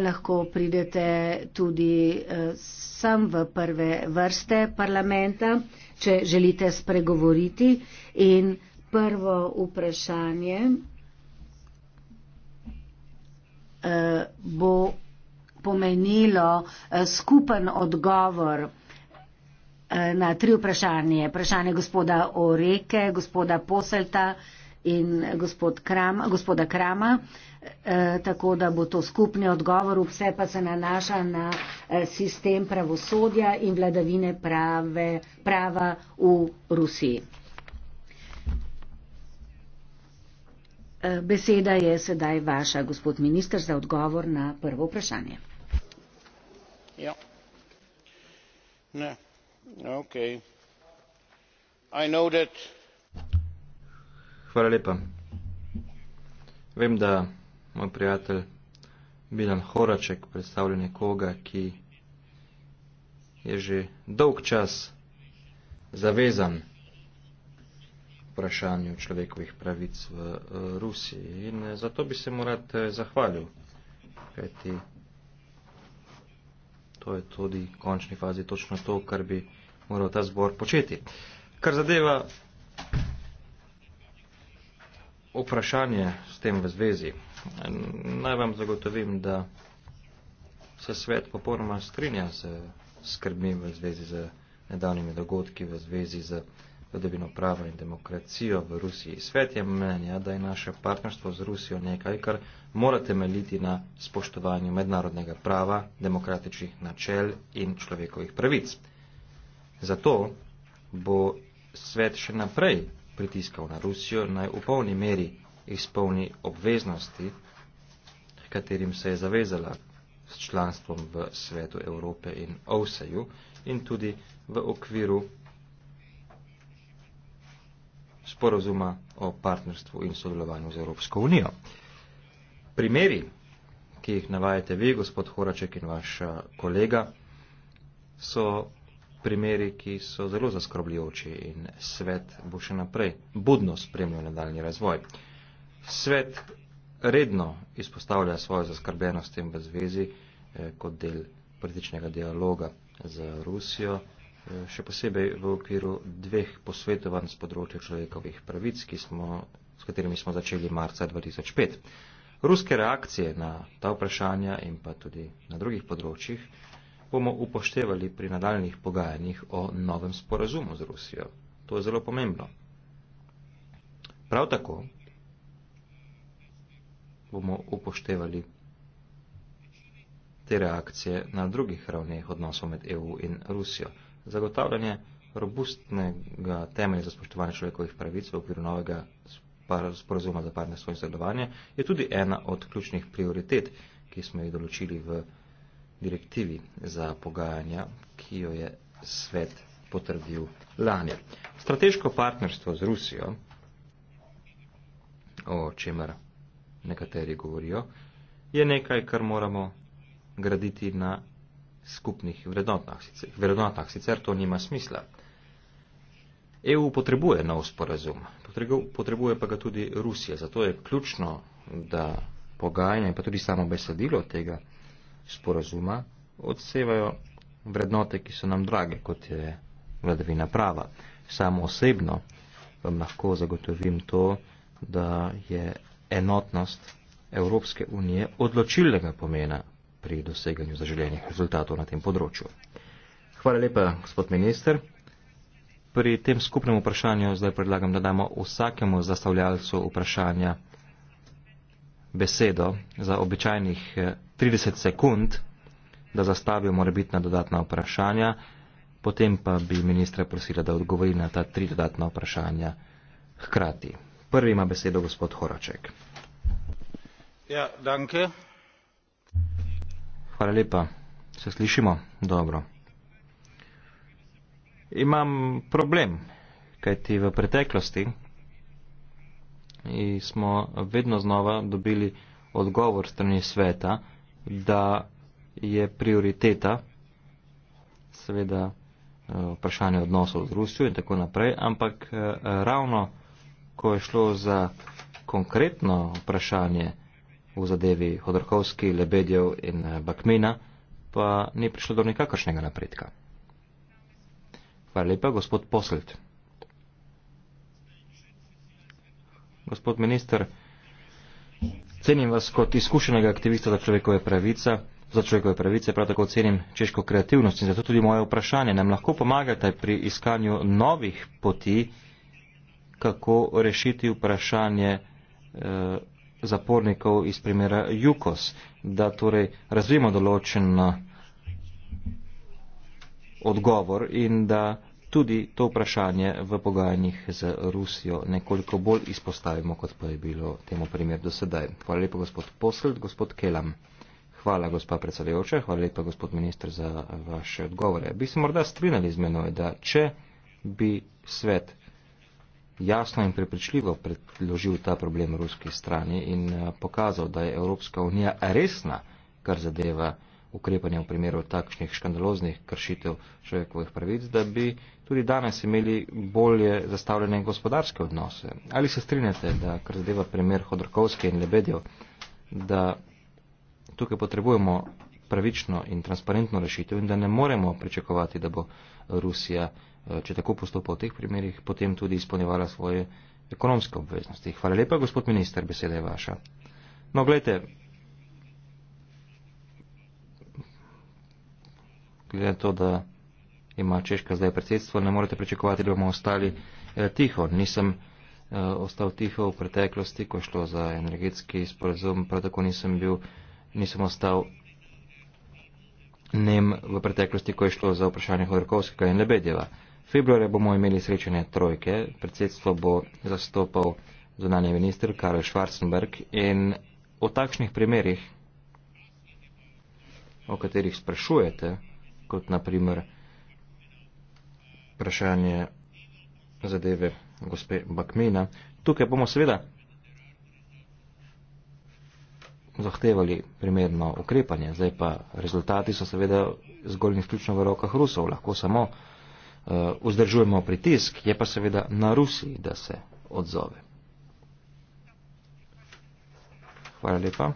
lahko pridete tudi eh, sem v prve vrste parlamenta, če želite spregovoriti. In prvo vprašanje eh, bo pomenilo eh, skupen odgovor na tri vprašanje. Vprašanje gospoda Oreke, gospoda Poselta in gospod Krama, gospoda Krama. E, tako da bo to skupni odgovor, vse pa se nanaša na e, sistem pravosodja in vladavine prave, prava v Rusiji. E, beseda je sedaj vaša, gospod minister, za odgovor na prvo vprašanje. Ja. Ne. Ok. I know that. Hvala lepa. Vem, da moj prijatelj Milan Horaček predstavlja nekoga, ki je že dolg čas zavezan vprašanju človekovih pravic v eh, Rusiji. In eh, zato bi se mu rad eh, zahvalil, kajti to je tudi v končni fazi točno to, kar bi moral ta zbor početi. Kar zadeva vprašanje s tem v zvezi naj vam zagotovim, da se svet popolnoma strinja z skrbmi v zvezi z nedavnimi dogodki, v zvezi z vladavino prava in demokracijo v Rusiji. Svet je mnenja, da je naše partnerstvo z Rusijo nekaj, kar mora temeljiti na spoštovanju mednarodnega prava, demokratičnih načel in človekovih pravic. Zato bo svet še naprej pritiskal na Rusijo naj v polni meri izpolni obveznosti, katerim se je zavezala s članstvom v Svetu Evrope in OVSEJU in tudi v okviru sporozuma o partnerstvu in sodelovanju z Evropsko unijo. Primeri, ki jih navajate vi, gospod Horaček in vaš kolega, so primeri, ki so zelo zaskrbljujoči in svet bo še naprej budno spremljal nadaljni razvoj svet redno izpostavlja svojo zaskrbenost tem v zvezi eh, kot del političnega dialoga z Rusijo, eh, še posebej v okviru dveh posvetovanj z področja človekovih pravic, ki smo, s katerimi smo začeli marca 2005. Ruske reakcije na ta vprašanja in pa tudi na drugih področjih bomo upoštevali pri nadaljnih pogajanjih o novem sporazumu z Rusijo. To je zelo pomembno. Prav tako bomo upoštevali te reakcije na drugih ravneh odnosov med EU in Rusijo. Zagotavljanje robustnega temelja za spoštovanje človekovih pravic v okviru novega sporozuma za partnerstvo in sodelovanje je tudi ena od ključnih prioritet, ki smo jih določili v direktivi za pogajanja, ki jo je svet potrdil lani. Strateško partnerstvo z Rusijo, o čemer nekateri govorijo, je nekaj, kar moramo graditi na skupnih vrednotah. Sicer, vrednotah, sicer to nima smisla. EU potrebuje nov sporazum, potrebuje pa ga tudi Rusija. Zato je ključno, da pogajanja in pa tudi samo besedilo tega sporazuma odsevajo vrednote, ki so nam drage, kot je vladavina prava. Samo osebno vam lahko zagotovim to, da je enotnost Evropske unije odločilnega pomena pri doseganju zaželenih rezultatov na tem področju. Hvala lepa, gospod minister. Pri tem skupnem vprašanju zdaj predlagam, da damo vsakemu zastavljalcu vprašanja besedo za običajnih 30 eh, sekund, da zastavijo morebitna dodatna vprašanja, potem pa bi ministra prosila, da odgovori na ta tri dodatna vprašanja hkrati. Prvi ima besedo gospod Horaček. Ja, danke. Hvala lepa. Se slišimo? Dobro. Imam problem, kajti v preteklosti smo vedno znova dobili odgovor strani sveta, da je prioriteta, seveda, eh, vprašanje odnosov z Rusijo in tako naprej, ampak eh, ravno ko je šlo za konkretno vprašanje v zadevi Hodorkovski, Lebedjev in eh, Bakmina, pa ni prišlo do nikakršnega napredka. Hvala lepa, gospod Poselt. Gospod minister, cenim vas kot izkušenega aktivista za človekove pravice, za človekove pravice, prav tako cenim češko kreativnost in zato tudi moje vprašanje. Nam lahko pomagate pri iskanju novih poti kako rešiti vprašanje eh, zapornikov iz primera Jukos, da torej razvijemo določen eh, odgovor in da tudi to vprašanje v pogajanjih z Rusijo nekoliko bolj izpostavimo, kot pa je bilo temu primer do sedaj. Hvala lepa, gospod Posled, gospod Kelam. Hvala, gospa predsedujoča, hvala lepa, gospod minister, za vaše odgovore. Bi se morda strinjali z menoj, da če bi svet jasno in prepričljivo predložil ta problem ruski strani in eh, pokazal, da je Evropska unija resna, kar zadeva ukrepanje v primeru takšnih škandaloznih kršitev človekovih pravic, da bi tudi danes imeli bolje zastavljene gospodarske odnose. Ali se strinjate, da kar zadeva primer Hodorkovske in Lebedjev, da tukaj potrebujemo pravično in transparentno rešitev in da ne moremo pričakovati, da bo Rusija Eh, če tako postopa v teh primerjih, potem tudi izpolnjevala svoje ekonomske obveznosti. Hvala lepa, gospod minister, beseda je vaša. No, gledajte, glede to, da ima Češka zdaj predsedstvo, ne morete pričakovati, da bomo ostali eh, tiho. Nisem eh, ostal tiho v preteklosti, ko šlo za energetski sporozum, prav tako nisem bil, nisem ostal nem v preteklosti, ko je šlo za vprašanje Hodorkovskega in Lebedjeva. Eh, Februarja bomo imeli srečanje trojke, predsedstvo bo zastopal zunanje minister Karel Schwarzenberg in o takšnih primerih, o katerih sprašujete, kot naprimer vprašanje zadeve gospe Bakmina, tukaj bomo seveda zahtevali primerno ukrepanje. Zdaj pa rezultati so seveda zgolj in v rokah Rusov, lahko samo Eh, vzdržujemo pritisk, je pa seveda na Rusiji, da se odzove. Hvala lepa.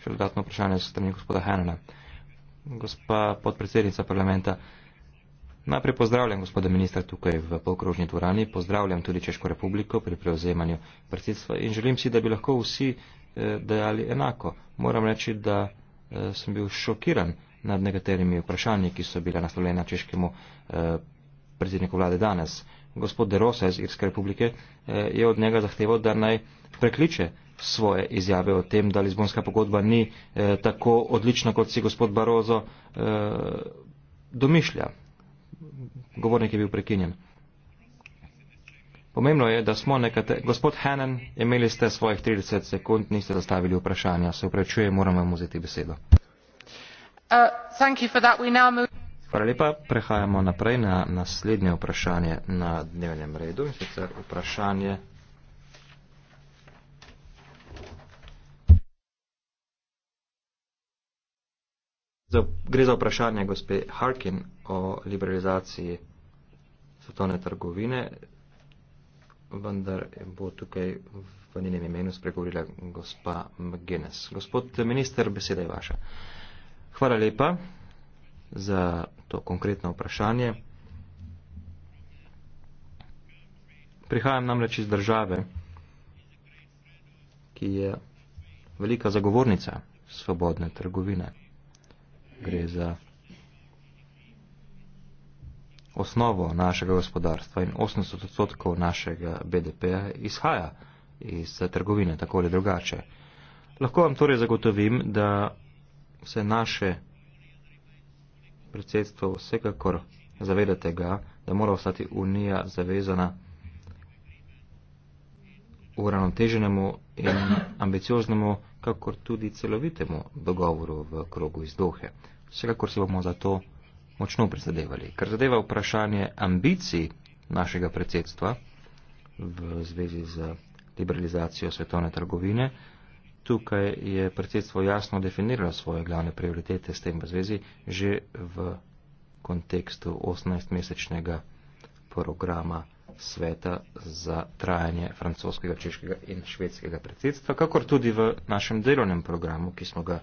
Še dodatno vprašanje s strani gospoda Hanena. Gospa podpredsednica parlamenta, najprej pozdravljam gospoda ministra tukaj v polkrožni dvorani, pozdravljam tudi Češko republiko pri prevzemanju predsedstva in želim si, da bi lahko vsi eh, dejali enako. Moram reči, da eh, sem bil šokiran nad nekaterimi vprašanji, ki so bila naslovljena češkemu eh, predsedniku vlade danes. Gospod De Rosa iz Irske republike eh, je od njega zahteval, da naj prekliče svoje izjave o tem, da Lizbonska pogodba ni eh, tako odlična, kot si gospod Barozo domišlja. Govornik je bil prekinjen. Pomembno je, da smo nekate... Gospod Hannan, imeli ste svojih 30 sekund, niste zastavili vprašanja. Se upravičujem, moram vam vzeti besedo. Uh, prehajamo naprej na naslednje vprašanje na dnevnem redu in sicer vprašanje gre za vprašanje gospe Harkin o liberalizaciji svetovne trgovine, vendar bo tukaj v njenem imenu spregovorila gospa McGuinness. Gospod minister, beseda je vaša. Hvala lepa, gospod predsednik. Hvala lepa za to konkretno vprašanje. Prihajam namreč iz države, ki je velika zagovornica svobodne trgovine. Gre za osnovo našega gospodarstva in 80 odstotkov našega BDP-ja izhaja iz trgovine, tako ali drugače. Lahko vam torej zagotovim, da vse naše predsedstvo vsekakor zaveda tega, da mora ostati Unija zavezana uravnoteženemu in ambicioznemu, kakor tudi celovitemu dogovoru v krogu iz Dohe. Vsekakor se bomo za to močno prizadevali. Kar zadeva vprašanje ambicij našega predsedstva v zvezi z liberalizacijo svetovne trgovine, Tukaj je predsedstvo jasno definiralo svoje glavne prioritete s tem v zvezi že v kontekstu 18-mesečnega programa sveta za trajanje francoskega, češkega in švedskega predsedstva, kakor tudi v našem delovnem programu, ki smo ga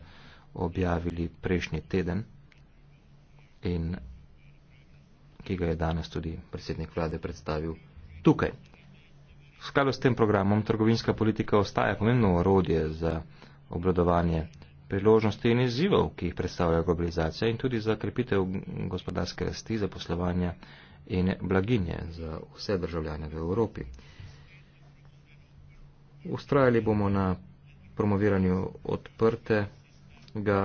objavili prejšnji teden in ki ga je danes tudi predsednik vlade predstavil tukaj. V skladu s tem programom trgovinska politika ostaja pomembno orodje za obladovanje priložnosti in izzivov, ki jih predstavlja globalizacija in tudi za krepitev gospodarske rasti, zaposlovanja in blaginje za vse državljane v Evropi. Ustrajali bomo na promoviranju odprtega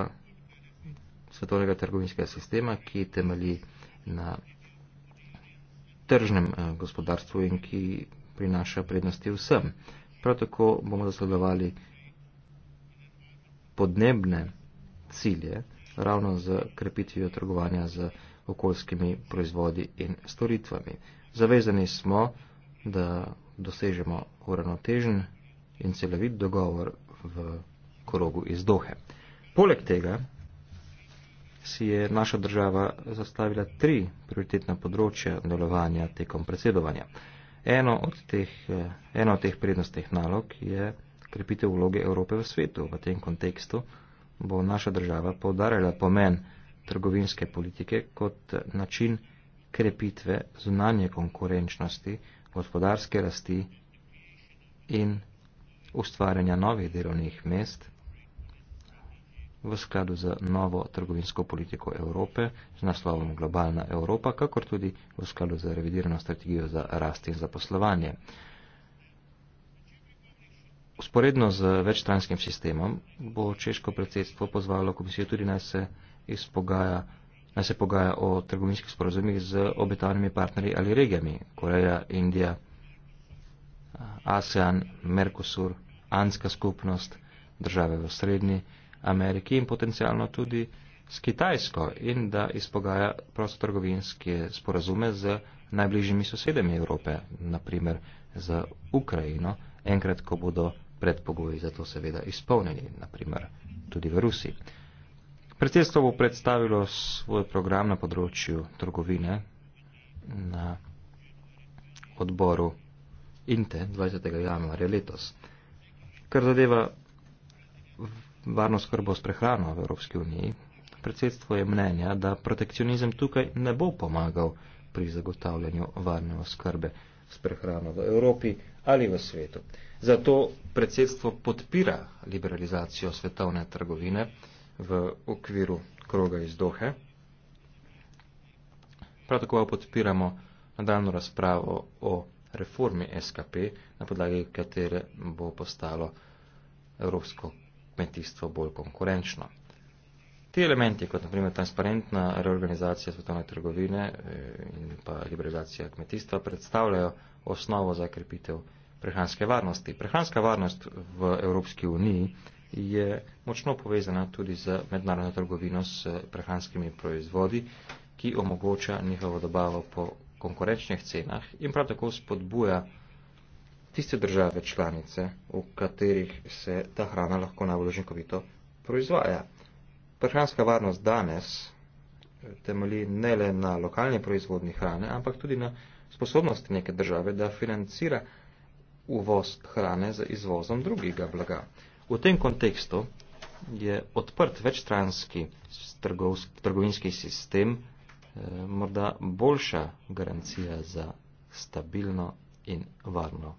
svetovnega trgovinskega sistema, ki temelji na tržnem eh, gospodarstvu in ki prinaša prednosti vsem. Prav tako bomo zasledovali podnebne cilje ravno z krepitvijo trgovanja z okoljskimi proizvodi in storitvami. Zavezani smo, da dosežemo uravnotežen in celovit dogovor v korogu iz Dohe. Poleg tega si je naša država zastavila tri prioritetna področja delovanja tekom predsedovanja. Eno od teh, eh, eno od teh prednostnih nalog je krepitev vloge Evrope v svetu. V tem kontekstu bo naša država povdarjala pomen trgovinske politike kot način krepitve zunanje konkurenčnosti, gospodarske rasti in ustvarjanja novih delovnih mest – v skladu z novo trgovinsko politiko Evrope z naslovom Globalna Evropa, kakor tudi v skladu z revidirano strategijo za rast in zaposlovanje. Usporedno z večstranskim sistemom bo češko predsedstvo pozvalo komisijo tudi naj se izpogaja naj se pogaja o trgovinskih sporozumih z obetavnimi partnerji ali regijami, Koreja, Indija, ASEAN, Mercosur, Anska skupnost, države v srednji Ameriki in potencialno tudi s Kitajsko in da izpogaja prostotrgovinske sporazume z najbližjimi sosedami Evrope, naprimer z Ukrajino, enkrat, ko bodo predpogoji za to seveda izpolnjeni, naprimer tudi v Rusiji. Predsedstvo bo predstavilo svoj program na področju trgovine na odboru INTE 20. januarja letos. Kar zadeva varno skrbo s prehrano v Evropski uniji, predsedstvo je mnenja, da protekcionizem tukaj ne bo pomagal pri zagotavljanju varne oskrbe s prehrano v Evropi ali v svetu. Zato predsedstvo podpira liberalizacijo svetovne trgovine v okviru kroga iz Dohe. Prav tako podpiramo nadaljno razpravo o reformi SKP, na podlagi katere bo postalo Evropsko kmetijstvo bolj konkurenčno. Ti elementi, kot naprimer transparentna reorganizacija svetovne trgovine eh, in pa liberalizacija kmetijstva, predstavljajo osnovo za krepitev prehranske varnosti. Prehranska varnost v Evropski uniji je močno povezana tudi z mednarodno trgovino s eh, prehranskimi proizvodi, ki omogoča njihovo dobavo po konkurenčnih cenah in prav tako spodbuja tiste države članice, v katerih se ta hrana lahko najbolj učinkovito proizvaja. Prehranska varnost danes eh, temelji ne le na lokalni proizvodni hrane, ampak tudi na sposobnosti neke države, da financira uvoz hrane za izvozom drugega blaga. V tem kontekstu je odprt večstranski trgovinski sistem eh, morda boljša garancija za stabilno in varno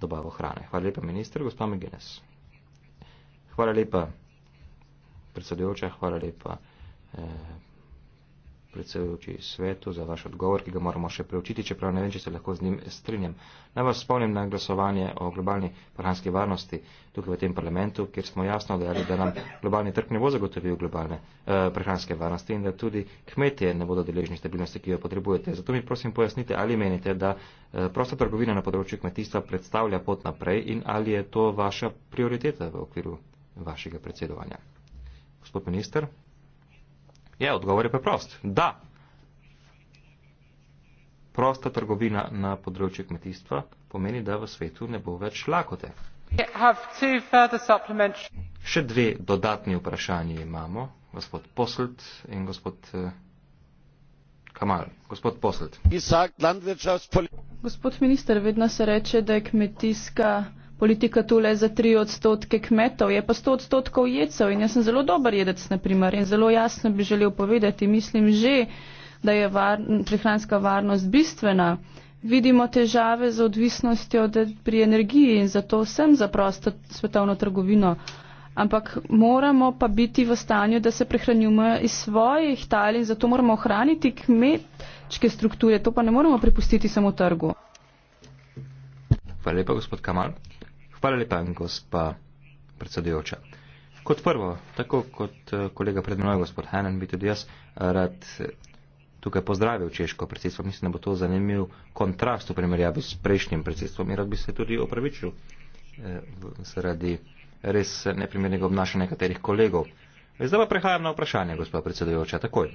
dobavo hrane. Hvala lepa, minister, gospod Megines. Hvala lepa, predsedujoča, hvala lepa. Eh, predsedujoči svetu, za vaš odgovor, ki ga moramo še preučiti, čeprav ne vem, če se lahko z njim strinjam. Naj vas spomnim na glasovanje o globalni prehranski varnosti tukaj v tem parlamentu, kjer smo jasno dejali, da nam globalni trg ne bo zagotovil globalne eh, prehranske varnosti in da tudi kmetije ne bodo deležni stabilnosti, ki jo potrebujete. Zato mi prosim pojasnite, ali menite, da eh, prosta trgovina na področju kmetijstva predstavlja pot naprej in ali je to vaša prioriteta v okviru vašega predsedovanja. Gospod minister. Je, ja, odgovor je preprost. Da. Prosta trgovina na področju kmetijstva pomeni, da v svetu ne bo več lakote. Še dve dodatni vprašanji imamo, gospod Poslet in gospod eh, Kamal. Gospod Poslet. Gospod minister, vedno se reče, da je kmetijska politika tole za tri odstotke kmetov, je pa sto odstotkov jedcev in jaz sem zelo dober jedec, na primer, in zelo jasno bi želel povedati, mislim že, da je var, prehranska varnost bistvena. Vidimo težave z odvisnostjo od, pri energiji in zato sem za prosto svetovno trgovino. Ampak moramo pa biti v stanju, da se prehranjujemo iz svojih tal in zato moramo ohraniti kmečke strukture. To pa ne moremo prepustiti samo trgu. Hvala lepa, gospod Kamal. Hvala lepa, gospa predsedujoča. Kot prvo, tako kot eh, kolega pred mnoj, gospod Hanen, bi tudi jaz eh, rad eh, tukaj pozdravil češko predsedstvo. Mislim, da bo to zanimiv kontrast v primerjavi s prejšnjim predsedstvom in rad bi se tudi opravičil zaradi eh, res neprimernega obnašanja nekaterih kolegov. Zdaj pa prehajam na vprašanje, gospod predsedujoča, takoj.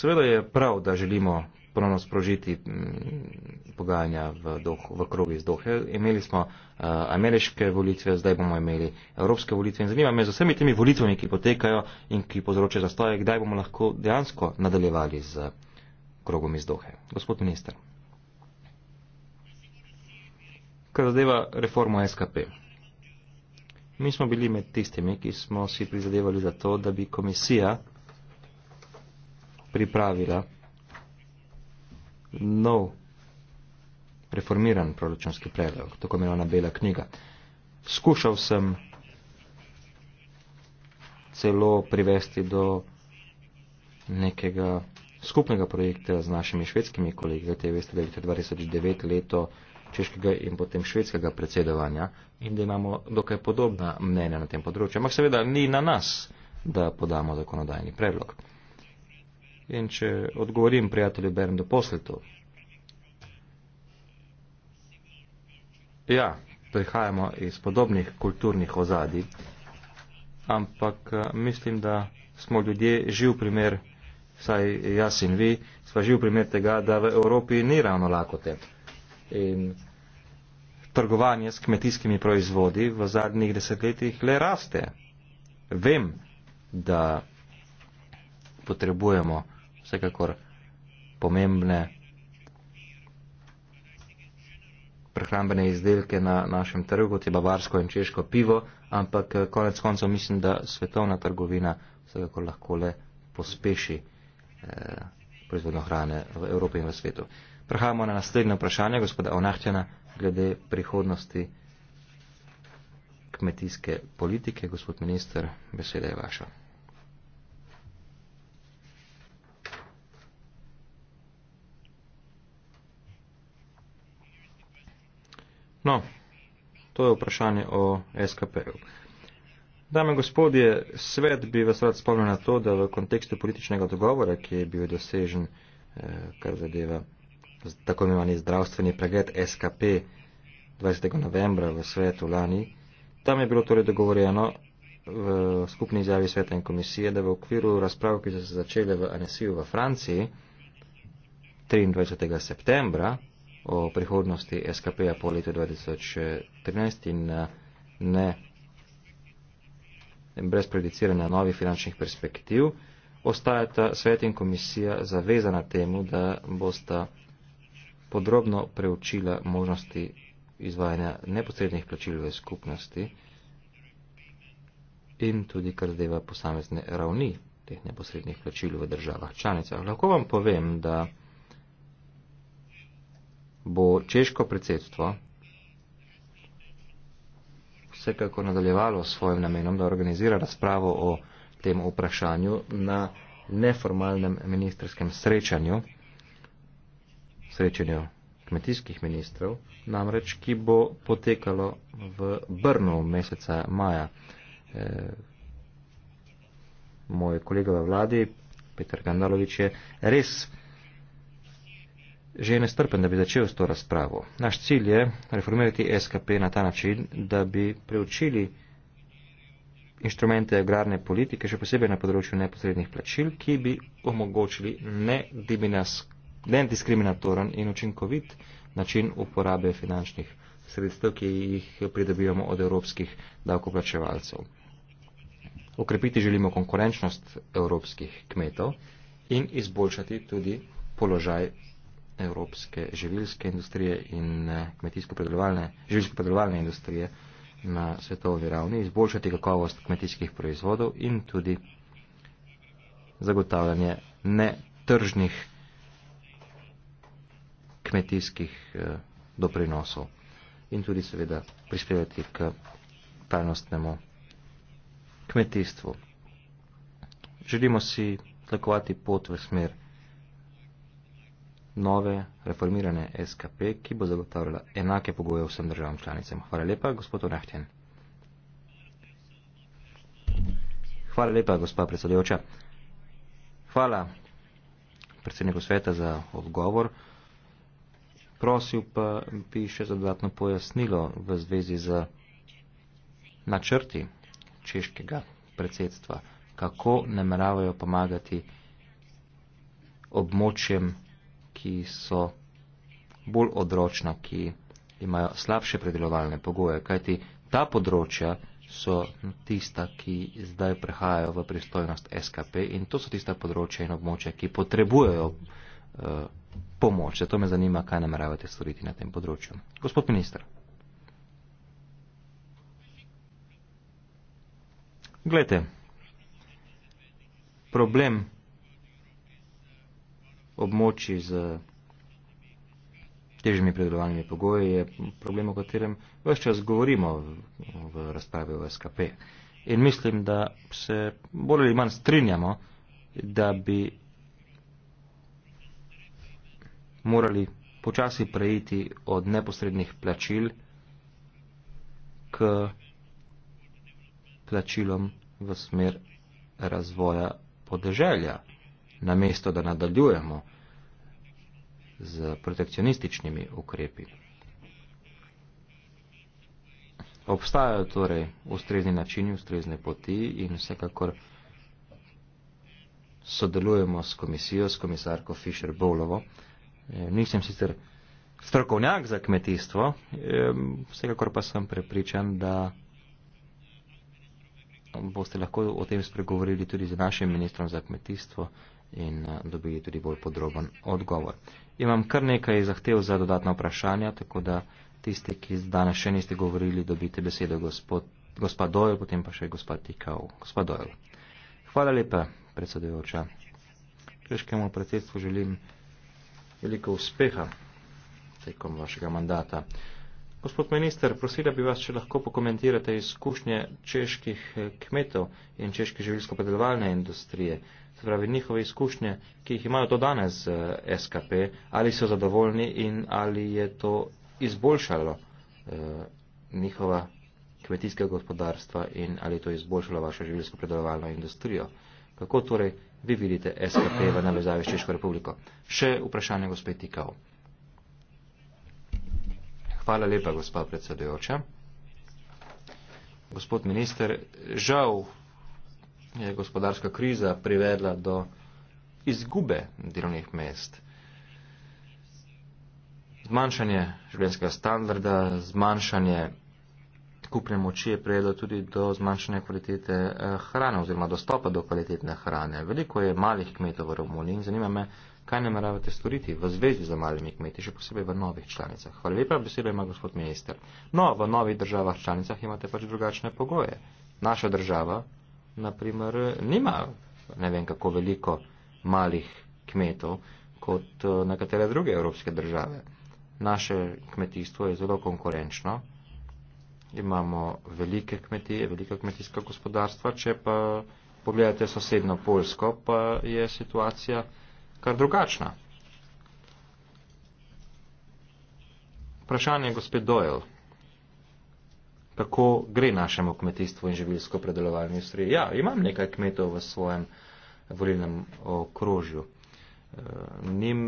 Sveda je prav, da želimo ponovno sprožiti mm, pogajanja v, v krogi iz Dohe. Imeli smo uh, ameriške volitve, zdaj bomo imeli evropske volitve. In zanima me z vsemi temi volitvami, ki potekajo in ki povzročajo zastoje, kdaj bomo lahko dejansko nadaljevali z krogom iz Dohe. Gospod minister. Kar zadeva reformo SKP. Mi smo bili med tistimi, ki smo si prizadevali za to, da bi komisija pripravila nov reformiran proračunski predlog, tako imenovana bela knjiga. Skušal sem celo privesti do nekega skupnega projekta z našimi švedskimi kolegi, kot je veste, da je 2009 leto češkega in potem švedskega predsedovanja in da imamo dokaj podobna mnenja na tem področju. Ampak seveda ni na nas, da podamo zakonodajni predlog in če odgovorim prijatelju Berndu posletu. Ja, prihajamo iz podobnih kulturnih ozadij, ampak eh, mislim, da smo ljudje živ primer, saj jaz in vi, smo živ primer tega, da v Evropi ni ravno lakote. In trgovanje s kmetijskimi proizvodi v zadnjih desetletjih le raste. Vem, da potrebujemo vsekakor pomembne prehrambene izdelke na našem trgu, te bavarsko in češko pivo, ampak eh, konec koncev mislim, da svetovna trgovina vsekakor lahko le pospeši eh, proizvodno hrane v Evropi in v svetu. Prehajamo na naslednje vprašanje gospoda Onahčana glede prihodnosti kmetijske politike. Gospod minister, beseda je vaša. No, to je vprašanje o SKP-ju. Dame gospodje, svet bi vas rad spomnil na to, da v kontekstu političnega dogovora, ki je bil dosežen, eh, kar zadeva tako imenovani zdravstveni pregled SKP 20. novembra v svetu lani, tam je bilo torej dogovorjeno v skupni izjavi sveta in komisije, da v okviru razprav, ki so se začele v Anesiju v Franciji 23. septembra o prihodnosti SKP-ja po letu 2013 in eh, ne brez prediciranja novih finančnih perspektiv, ostajata svet in komisija zavezana temu, da bosta podrobno preučila možnosti izvajanja neposrednih plačil v skupnosti in tudi kar zadeva posamezne ravni teh neposrednih plačil v državah članicah. Lahko vam povem, da bo češko predsedstvo vsekako nadaljevalo s svojim namenom, da organizira razpravo o tem vprašanju na neformalnem ministerskem srečanju, srečanju kmetijskih ministrov, namreč, ki bo potekalo v Brnu meseca maja. E, moj kolega v vladi, Peter Gandalovič, je res že nestrpen, da bi začel s to razpravo. Naš cilj je reformirati SKP na ta način, da bi preučili inštrumente agrarne politike, še posebej na področju neposrednih plačil, ki bi omogočili nediskriminatoren in učinkovit način uporabe finančnih sredstev, ki jih pridobivamo od evropskih davkoplačevalcev. Okrepiti želimo konkurenčnost evropskih kmetov in izboljšati tudi položaj evropske živilske industrije in eh, kmetijsko-predelovalne industrije na svetovi ravni, izboljšati kakovost kmetijskih proizvodov in tudi zagotavljanje netržnih kmetijskih eh, doprinosov in tudi seveda prispevati k tajnostnemu kmetijstvu. Želimo si tlakovati pot v smer kmetijstva, nove reformirane SKP, ki bo zagotavljala enake pogoje vsem državam članicam. Hvala lepa, gospod Onahtjen. Hvala lepa, gospa predsedujoča. Hvala predsedniku sveta za odgovor. Prosil pa bi še za dodatno pojasnilo v zvezi z načrti češkega predsedstva, kako nameravajo pomagati območjem ki so bolj odročna, ki imajo slabše predelovalne pogoje, kajti ta področja so tista, ki zdaj prehajajo v pristojnost SKP in to so tista področja in območja, ki potrebujejo eh, pomoč. Zato me zanima, kaj nameravate storiti na tem področju. Gospod ministr. Glede, problem območij z težjimi predelovalnimi pogoji je problem, o katerem vse čas govorimo v razpravi v SKP. In mislim, da se bolj ali manj strinjamo, da bi morali počasi preiti od neposrednih plačil k plačilom v smer razvoja podeželja namesto da nadaljujemo z protekcionističnimi ukrepi. Obstajajo torej ustrezni načini, ustrezne poti in vsekakor sodelujemo s komisijo, s komisarko Fischer Bolovo. E, nisem sicer strokovnjak za kmetijstvo, e, vsekakor pa sem prepričan, da boste lahko o tem spregovorili tudi z našim ministrom za kmetijstvo, in eh, dobili tudi bolj podroben odgovor. Imam kar nekaj zahtev za dodatna vprašanja, tako da tisti, ki danes še niste govorili, dobite besedo gospod Dojl, potem pa še gospod Tikal. Gospod Dojl. Hvala lepa, predsedujoča. Češkemu predsedstvu želim veliko uspeha tekom vašega mandata. Gospod minister, prosila bi vas, če lahko pokomentirate izkušnje čeških eh, kmetov in češke živilsko-predelovalne industrije se pravi njihove izkušnje, ki jih imajo do danes z eh, SKP, ali so zadovoljni in ali je to izboljšalo eh, njihova kmetijska gospodarstva in ali je to izboljšalo vašo življensko predelovalno industrijo. Kako torej vi vidite SKP v navezavi s Češko republiko? Še vprašanje gospe Tikao. Hvala lepa, gospa predsedujoča. Gospod minister, žal je gospodarska kriza privedla do izgube delovnih mest, zmanjšanje življenjskega standarda, zmanjšanje kupne moči je prijelo tudi do zmanjšanja kvalitete eh, hrane oziroma dostopa do kvalitetne hrane. Veliko je malih kmetov v Romuniji in zanima me, kaj nameravate storiti v zvezi z malimi kmeti, še posebej v novih članicah. Hvala lepa, beseda ima gospod minister. No, v novih državah članicah imate pač drugačne pogoje. Naša država, naprimer, nima ne vem kako veliko malih kmetov kot eh, nekatere druge evropske države. Naše kmetijstvo je zelo konkurenčno, imamo velike kmetije, velika kmetijska gospodarstva, če pa pogledate sosedno Polsko, pa je situacija kar drugačna. Vprašanje gospe Doyle kako gre našemu kmetijstvu in živilsko predelovalni industriji. Ja, imam nekaj kmetov v svojem volilnem okrožju. Eh, Nim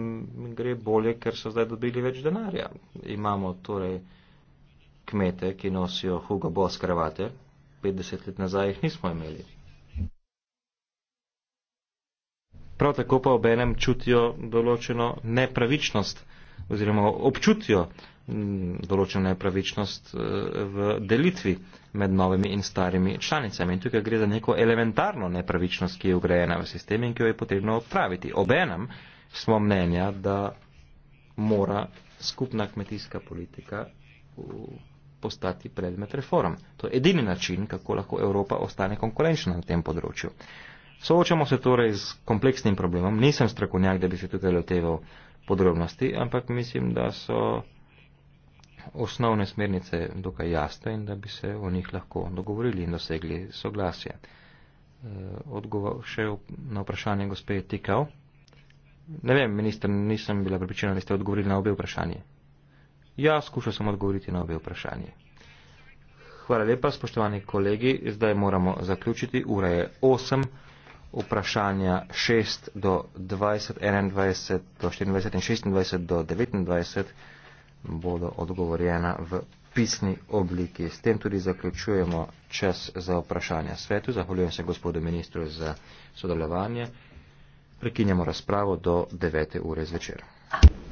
gre bolje, ker so zdaj dobili več denarja. Imamo torej kmete, ki nosijo Hugo Boss kravate, 50 let nazaj jih nismo imeli. Prav tako pa obenem čutijo določeno nepravičnost oziroma občutijo mm, določeno nepravičnost eh, v delitvi med novimi in starimi članicami. In tukaj gre za neko elementarno nepravičnost, ki je ugrajena v sistem in ki jo je potrebno odpraviti. Obenem smo mnenja, da mora skupna kmetijska politika postati predmet reform. To je edini način, kako lahko Evropa ostane konkurenčna na tem področju. Soočamo se torej z kompleksnim problemom. Nisem strokovnjak, da bi se tukaj loteval uh, podrobnosti, ampak mislim, da so osnovne smernice dokaj jasne in da bi se o njih lahko dogovorili in dosegli soglasje. Eh, odgovor še na vprašanje gospe Tikal. Ne vem, minister, nisem bila pripričana, da ste odgovorili na obe vprašanje. Ja, skušal sem odgovoriti na obe vprašanje. Hvala lepa, spoštovani kolegi, zdaj moramo zaključiti. Ura je 8 vprašanja 6 do 20, 21 do 24 in 26 do 29 bodo odgovorjena v pisni obliki. S tem tudi zaključujemo čas za vprašanja svetu. Zahvaljujem se gospodu ministru za sodelovanje. Prekinjamo razpravo do 9. ure zvečer.